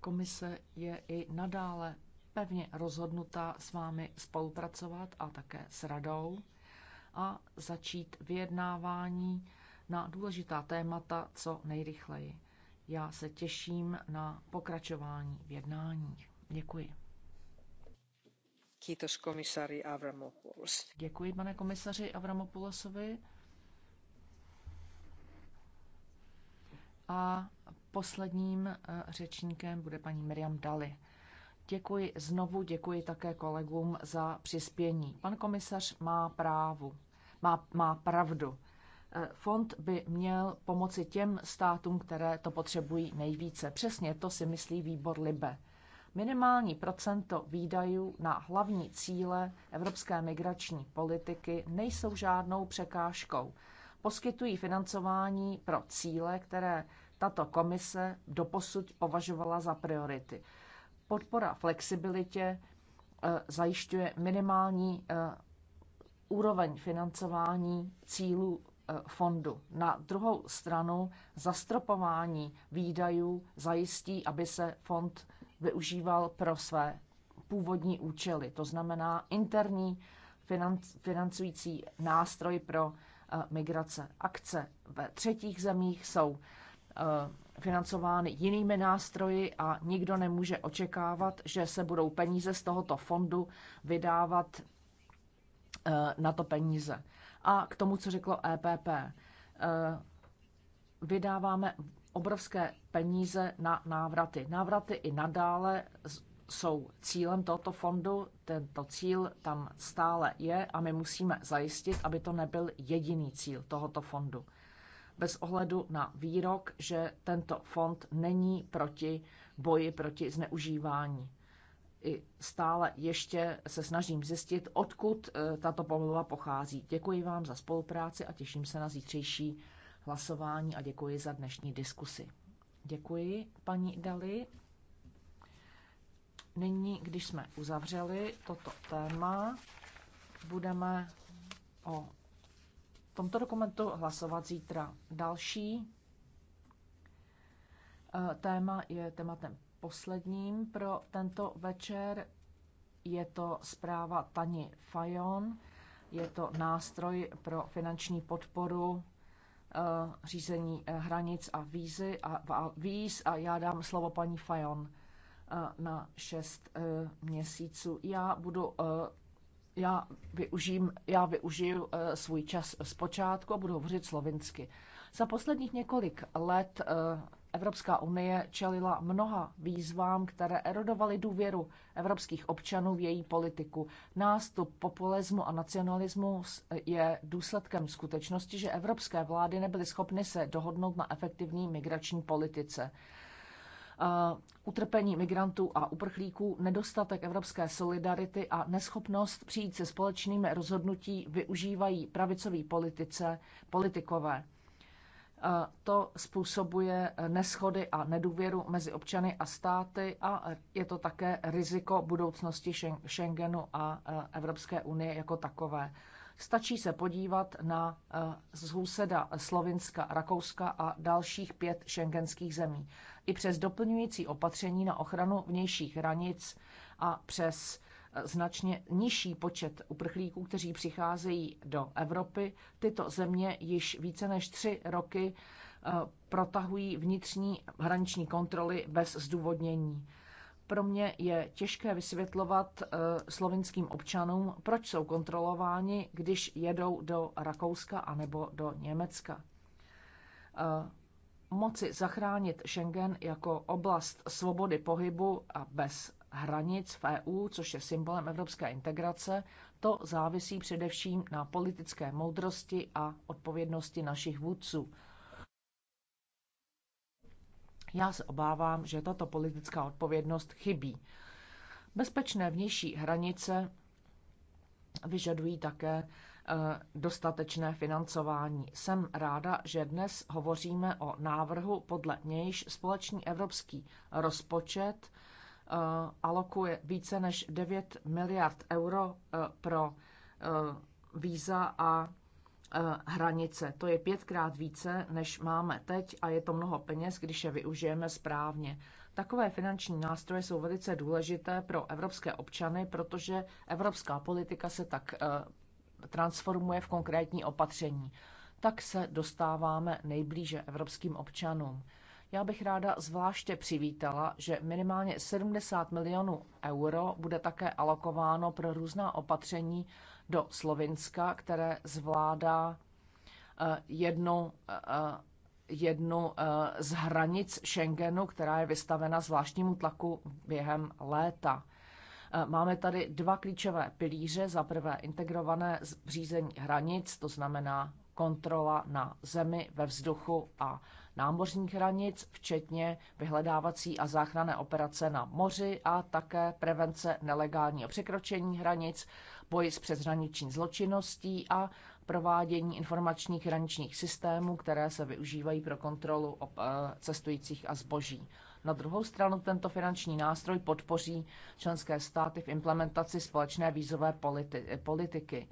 Komise je i nadále pevně rozhodnutá s vámi spolupracovat a také s radou a začít vyjednávání na důležitá témata co nejrychleji. Já se těším na pokračování v jednáních. Děkuji. Kýtos komisari Avramopoulos. Děkuji, pane komisaři Avramopoulosovi. A posledním eh, řečníkem bude paní Miriam Dali. Děkuji znovu, děkuji také kolegům za přispění. Pan komisař má právu, má, má pravdu. Eh, fond by měl pomoci těm státům, které to potřebují nejvíce. Přesně to si myslí výbor Libe. Minimální procento výdajů na hlavní cíle evropské migrační politiky nejsou žádnou překážkou. Poskytují financování pro cíle, které tato komise doposud považovala za priority. Podpora flexibilitě eh, zajišťuje minimální eh, úroveň financování cílů fondu. Na druhou stranu zastropování výdajů zajistí, aby se fond využíval pro své původní účely, to znamená interní financující nástroj pro eh, migrace. Akce ve třetích zemích jsou eh, financovány jinými nástroji a nikdo nemůže očekávat, že se budou peníze z tohoto fondu vydávat eh, na to peníze. A k tomu, co řeklo EPP. Eh, vydáváme obrovské peníze na návraty. Návraty i nadále jsou cílem tohoto fondu, tento cíl tam stále je a my musíme zajistit, aby to nebyl jediný cíl tohoto fondu. Bez ohledu na výrok, že tento fond není proti boji proti zneužívání i stále ještě se snažím zjistit, odkud e, tato pomluva pochází. Děkuji vám za spolupráci a těším se na zítřejší hlasování a děkuji za dnešní diskusi. Děkuji, paní Dali. Nyní, když jsme uzavřeli toto téma, budeme o tomto dokumentu hlasovat zítra. Další e, téma je tématem posledním pro tento večer. Je to zpráva Tani Fajon. Je to nástroj pro finanční podporu eh, řízení eh, hranic a vízy a víz a já dám slovo paní Fajon eh, na šest měsíců. Já budu já využím, já využiju svůj čas zpočátku a budu hovořit slovinsky. Za posledních několik let Evropská unie čelila mnoha výzvám, které erodovaly důvěru evropských občanů v její politiku. Nástup populismu a nacionalismu je důsledkem skutečnosti, že evropské vlády nebyly schopny se dohodnout na efektivní migrační politice. Utrpení migrantů a uprchlíků, nedostatek evropské solidarity a neschopnost přijít se společnými rozhodnutí využívají pravicoví politice, politikové to způsobuje eh, neschody a nedůvěru mezi občany a státy a eh, je to také riziko budoucnosti Schengenu a eh, Evropské unie jako takové. Stačí se podívat na zhůseda Slovinska, Rakouska a dalších pět šengenských zemí. I přes doplňující opatření na ochranu vnějších hranic a přes značně nižší počet uprchlíků, kteří přicházejí do Evropy. Tyto země již více než tři roky eh, protahují vnitřní hraniční kontroly bez zdůvodnění. Pro mě je těžké vysvětlovat eh, slovinským občanům, proč jsou kontrolováni, když jedou do Rakouska anebo do Německa. Eh, moci zachránit Schengen jako oblast svobody pohybu a bez hranic v EU, což je symbolem evropské integrace, to závisí především na politické moudrosti a odpovědnosti našich vůdců. Já se obávám, že tato politická odpovědnost chybí. Bezpečné vnější hranice vyžadují také eh, dostatečné financování. Jsem ráda, že dnes hovoříme o návrhu, podle nějž společný evropský rozpočet Eh, alokuje více než 9 miliard euro eh, pro eh, víza a hranice. To je pětkrát více, než máme teď a je to mnoho peněz, když je využijeme správně. Takové finanční nástroje jsou velice důležité pro evropské občany, protože evropská politika se tak transformuje v konkrétní opatření. Tak se dostáváme nejblíže evropským občanům. Já bych ráda zvláště přivítala, že minimálně 70 milionů euro bude také alokováno pro různá opatření do Slovinska, které zvládá eh, jednu, eh, eh, jednu z hranic Schengenu, která je vystavena zvláštnímu tlaku během léta. Máme tady dva klíčové pilíře. Za prvé integrované řízení hranic, to znamená kontrola na zemi, ve vzduchu a námořních hranic, včetně vyhledávací a záchranné operace na moři a také prevence nelegálního překročení hranic, boj s přeshraniční zločinností a provádění informačních hraničních systémů, které se využívají pro kontrolu eh, cestujících a zboží. Na druhou stranu tento finanční nástroj podpoří členské státy v implementaci společné vízové politi- politiky.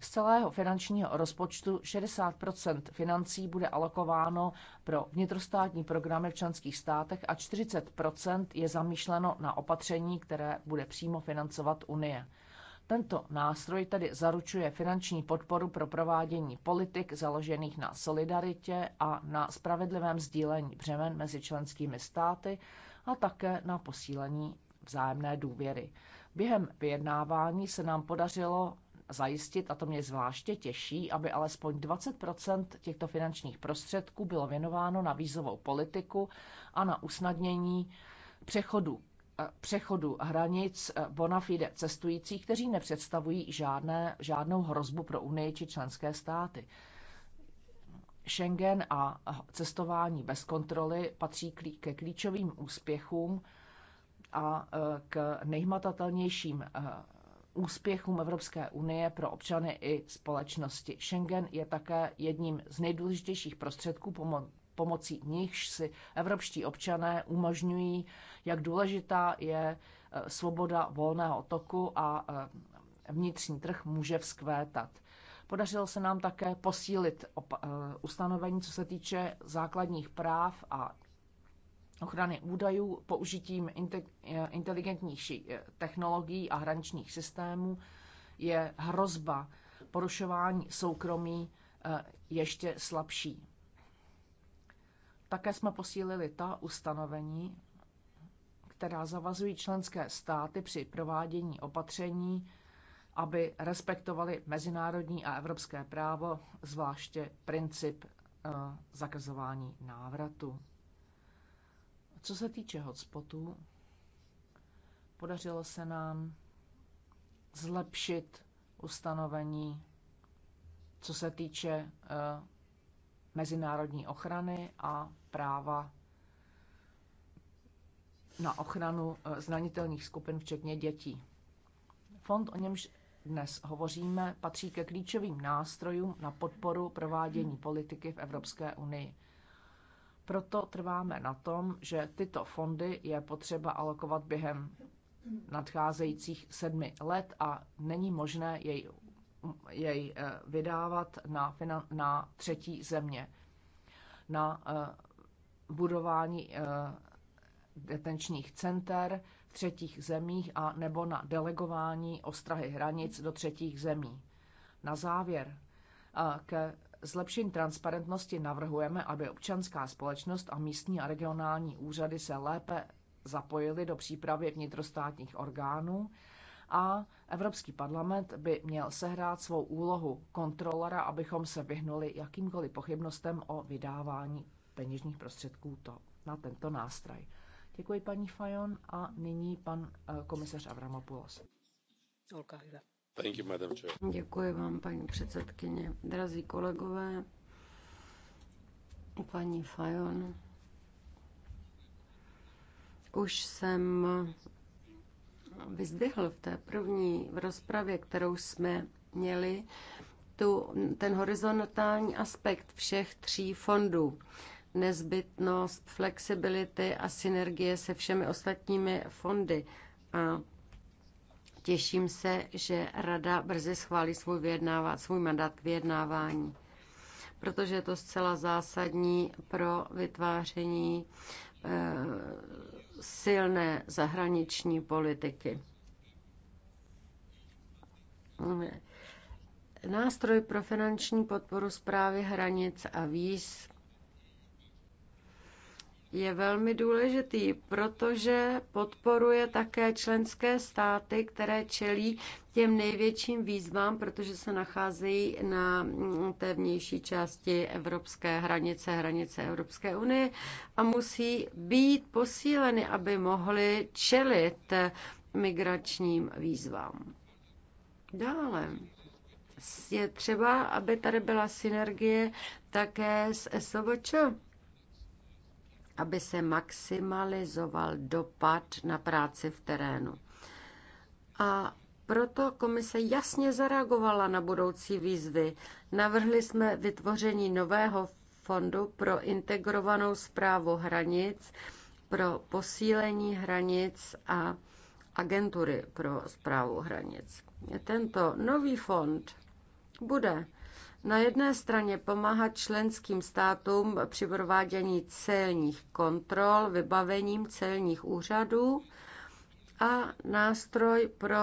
Z celého finančního rozpočtu 60 financí bude alokováno pro vnitrostátní programy v členských státech a 40 je zamýšleno na opatření, které bude přímo financovat Unie. Tento nástroj tedy zaručuje finanční podporu pro provádění politik založených na solidaritě a na spravedlivém sdílení břemen mezi členskými státy a také na posílení vzájemné důvěry. Během vyjednávání se nám podařilo zajistit, a to mě zvláště těší, aby alespoň 20 těchto finančních prostředků bylo věnováno na vízovou politiku a na usnadnění přechodu eh, přechodu hranic eh, bona fide cestujících, kteří nepředstavují žádné, žádnou hrozbu pro Unii či členské státy. Schengen a cestování bez kontroly patří ke klíčovým úspěchům a eh, k nejhmatatelnějším úspěchům Evropské unie pro občany i společnosti. Schengen je také jedním z nejdůležitějších prostředků pomocí nichž si evropští občané umožňují, jak důležitá je eh, svoboda volného toku a eh, vnitřní trh může vzkvétat. Podařilo se nám také posílit eh, ustanovení, co se týče základních práv a ochrany údajů použitím eh, inteligentnější eh, technologií a hraničních systémů je hrozba porušování soukromí eh, ještě slabší. Také jsme posílili ta ustanovení, která zavazují členské státy při provádění opatření, aby respektovali mezinárodní a evropské právo, zvláště princip zakazování návratu. Co se týče hotspotů, podařilo se nám zlepšit ustanovení, co se týče eh, mezinárodní ochrany a práva na ochranu eh, zranitelných skupin, včetně dětí. Fond, o němž dnes hovoříme, patří ke klíčovým nástrojům na podporu provádění politiky v Evropské unii. Proto trváme na tom, že tyto fondy je potřeba alokovat během nadcházejících sedmi let a není možné jej, jej eh, vydávat na, na třetí země. Na eh, budování eh, detenčních center v třetích zemích a nebo na delegování ostrahy hranic do třetích zemí. Na závěr ke zlepšení transparentnosti navrhujeme, aby občanská společnost a místní a regionální úřady se lépe zapojili do přípravy vnitrostátních orgánů a Evropský parlament by měl sehrát svou úlohu kontrolora, abychom se vyhnuli jakýmkoliv pochybnostem o vydávání peněžních prostředků to, na tento nástroj. Děkuji paní Fajon a nyní pan eh, komisař Avramopoulos. Olka, Děkuji vám, paní předsedkyně. Drazí kolegové, paní Fajon, už jsem vyzdvihl v té první v rozpravě, kterou jsme měli, tu, ten horizontální aspekt všech tří fondů. Nezbytnost, flexibility a synergie se všemi ostatními fondy. A Těším se, že Rada brzy schválí svůj, vyjednává, svůj mandát k vyjednávání, protože je to zcela zásadní pro vytváření e, silné zahraniční politiky. Nástroj pro finanční podporu zprávy hranic a výz je velmi důležitý, protože podporuje také členské státy, které čelí těm největším výzvám, protože se nacházejí na mm, té vnější části evropské hranice, hranice Evropské unie a musí být posíleny, aby mohly čelit migračním výzvám. Dále je třeba, aby tady byla synergie také s SOVČ aby se maximalizoval dopad na práci v terénu. A proto komise jasně zareagovala na budoucí výzvy. Navrhli jsme vytvoření nového fondu pro integrovanou zprávu hranic, pro posílení hranic a agentury pro zprávu hranic. Tento nový fond bude na jedné straně pomáhat členským státům při provádění celních kontrol vybavením celních úřadů a nástroj pro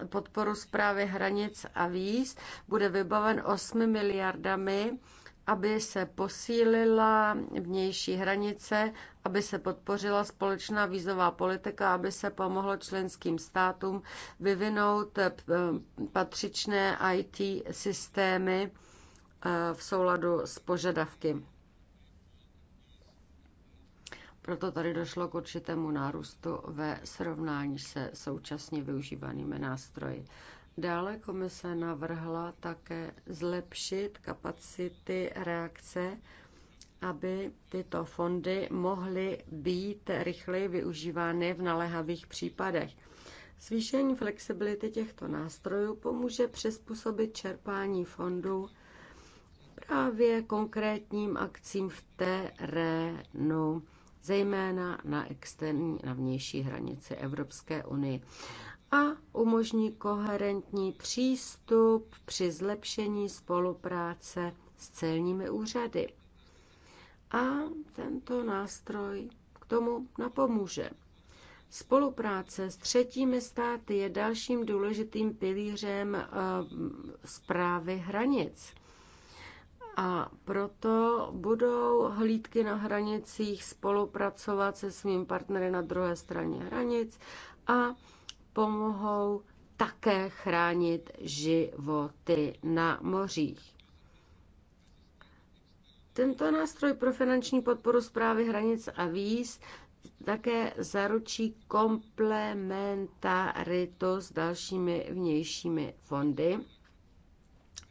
eh, podporu zprávy hranic a víz bude vybaven 8 miliardami aby se posílila vnější hranice, aby se podpořila společná vízová politika, aby se pomohlo členským státům vyvinout eh, patřičné IT systémy eh, v souladu s požadavky. Proto tady došlo k určitému nárůstu ve srovnání se současně využívanými nástroji. Dále komise navrhla také zlepšit kapacity reakce, aby tyto fondy mohly být rychleji využívány v naléhavých případech. Zvýšení flexibility těchto nástrojů pomůže přizpůsobit čerpání fondů právě konkrétním akcím v terénu, zejména na externí, na vnější hranici Evropské unie a umožní koherentní přístup při zlepšení spolupráce s celními úřady. A tento nástroj k tomu napomůže. Spolupráce s třetími státy je dalším důležitým pilířem zprávy eh, hranic. A proto budou hlídky na hranicích spolupracovat se svým partnery na druhé straně hranic a pomohou také chránit životy na mořích. Tento nástroj pro finanční podporu zprávy hranic a víz také zaručí komplementaritu s dalšími vnějšími fondy.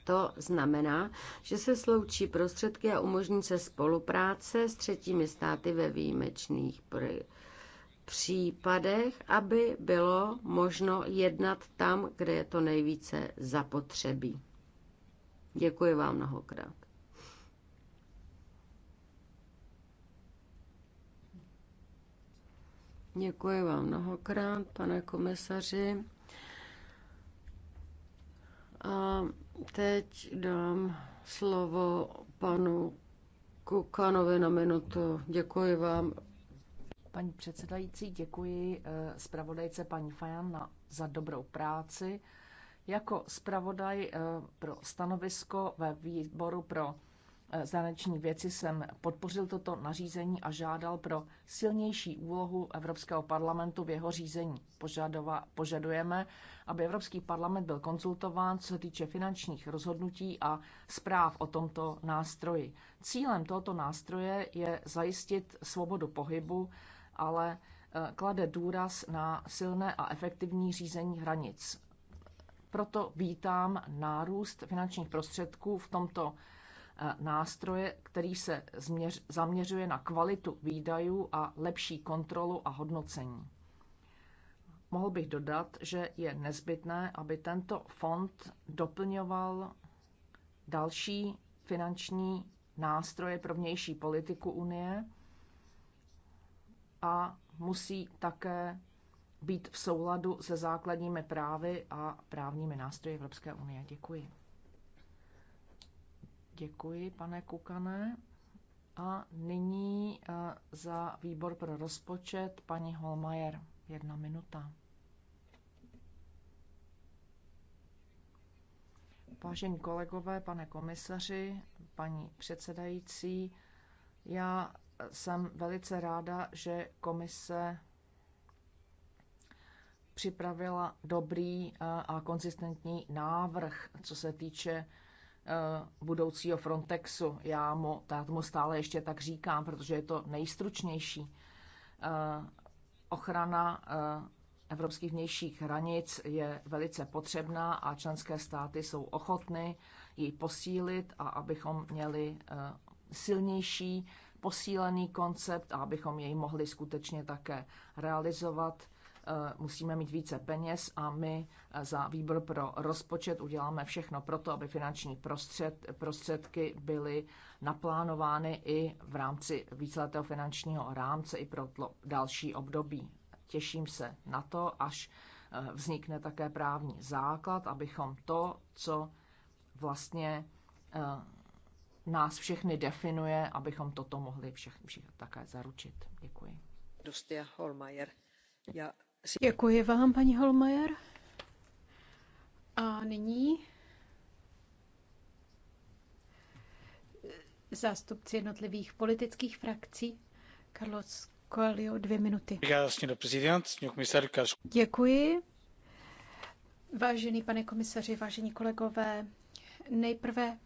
To znamená, že se sloučí prostředky a umožní se spolupráce s třetími státy ve výjimečných projektech případech, aby bylo možno jednat tam, kde je to nejvíce zapotřebí. Děkuji vám mnohokrát. Děkuji vám mnohokrát, pane komisaři. A teď dám slovo panu Kukanovi na minutu. Děkuji vám Paní předsedající, děkuji eh, zpravodajce paní Fajan za dobrou práci. Jako zpravodaj eh, pro stanovisko ve výboru pro eh, zahraniční věci jsem podpořil toto nařízení a žádal pro silnější úlohu Evropského parlamentu v jeho řízení. Požadova, požadujeme, aby Evropský parlament byl konzultován, co se týče finančních rozhodnutí a zpráv o tomto nástroji. Cílem tohoto nástroje je zajistit svobodu pohybu ale eh, klade důraz na silné a efektivní řízení hranic. Proto vítám nárůst finančních prostředků v tomto eh, nástroje, který se změř, zaměřuje na kvalitu výdajů a lepší kontrolu a hodnocení. Mohl bych dodat, že je nezbytné, aby tento fond doplňoval další finanční nástroje pro vnější politiku Unie, a musí také být v souladu se základními právy a právními nástroji Evropské unie. Děkuji. Děkuji, pane Kukane. A nyní eh, za výbor pro rozpočet paní Holmajer. Jedna minuta. Vážení kolegové, pane komisaři, paní předsedající, já jsem velice ráda, že komise připravila dobrý eh, a konzistentní návrh, co se týče eh, budoucího Frontexu. Já mu, já tomu stále ještě tak říkám, protože je to nejstručnější. Eh, ochrana evropských vnějších hranic je velice potřebná a členské státy jsou ochotny ji posílit a abychom měli silnější posílený koncept a abychom jej mohli skutečně také realizovat, eh, musíme mít více peněz a my eh, za výbor pro rozpočet uděláme všechno pro to, aby finanční prostřed, prostředky byly naplánovány i v rámci víceletého finančního rámce i pro další období. Těším se na to, až eh, vznikne také právní základ, abychom to, co vlastně nás všechny definuje, abychom toto mohli všechny, všechny také zaručit. Děkuji. Dostia Holmajer. Já... Děkuji vám, paní Holmajer. A nyní zástupci jednotlivých politických frakcí. Carlos Coelho, dvě minuty. Děkuji. Vážený pane komisaři, vážení kolegové, nejprve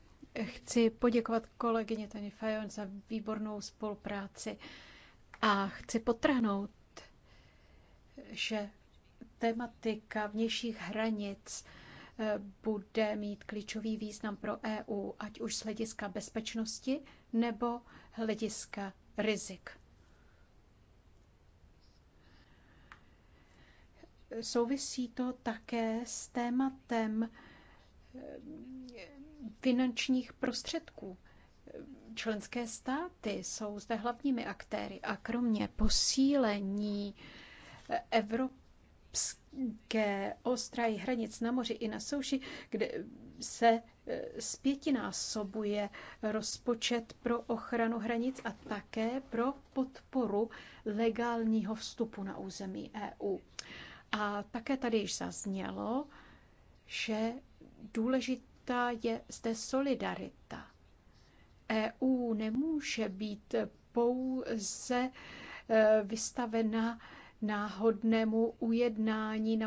Chci poděkovat kolegyně Tani Fajon za výbornou spolupráci a chci potrhnout, že tematika vnějších hranic eh, bude mít klíčový význam pro EU, ať už z hlediska bezpečnosti nebo hlediska rizik. Souvisí to také s tématem eh, finančních prostředků. Členské státy jsou zde hlavními aktéry a kromě posílení evropské ostrahy hranic na moři i na souši, kde se eh, zpětinásobuje rozpočet pro ochranu hranic a také pro podporu legálního vstupu na území EU. A také tady již zaznělo, že důležitý důležitá je zde solidarita. EU nemůže být pouze e, vystavena náhodnému ujednání na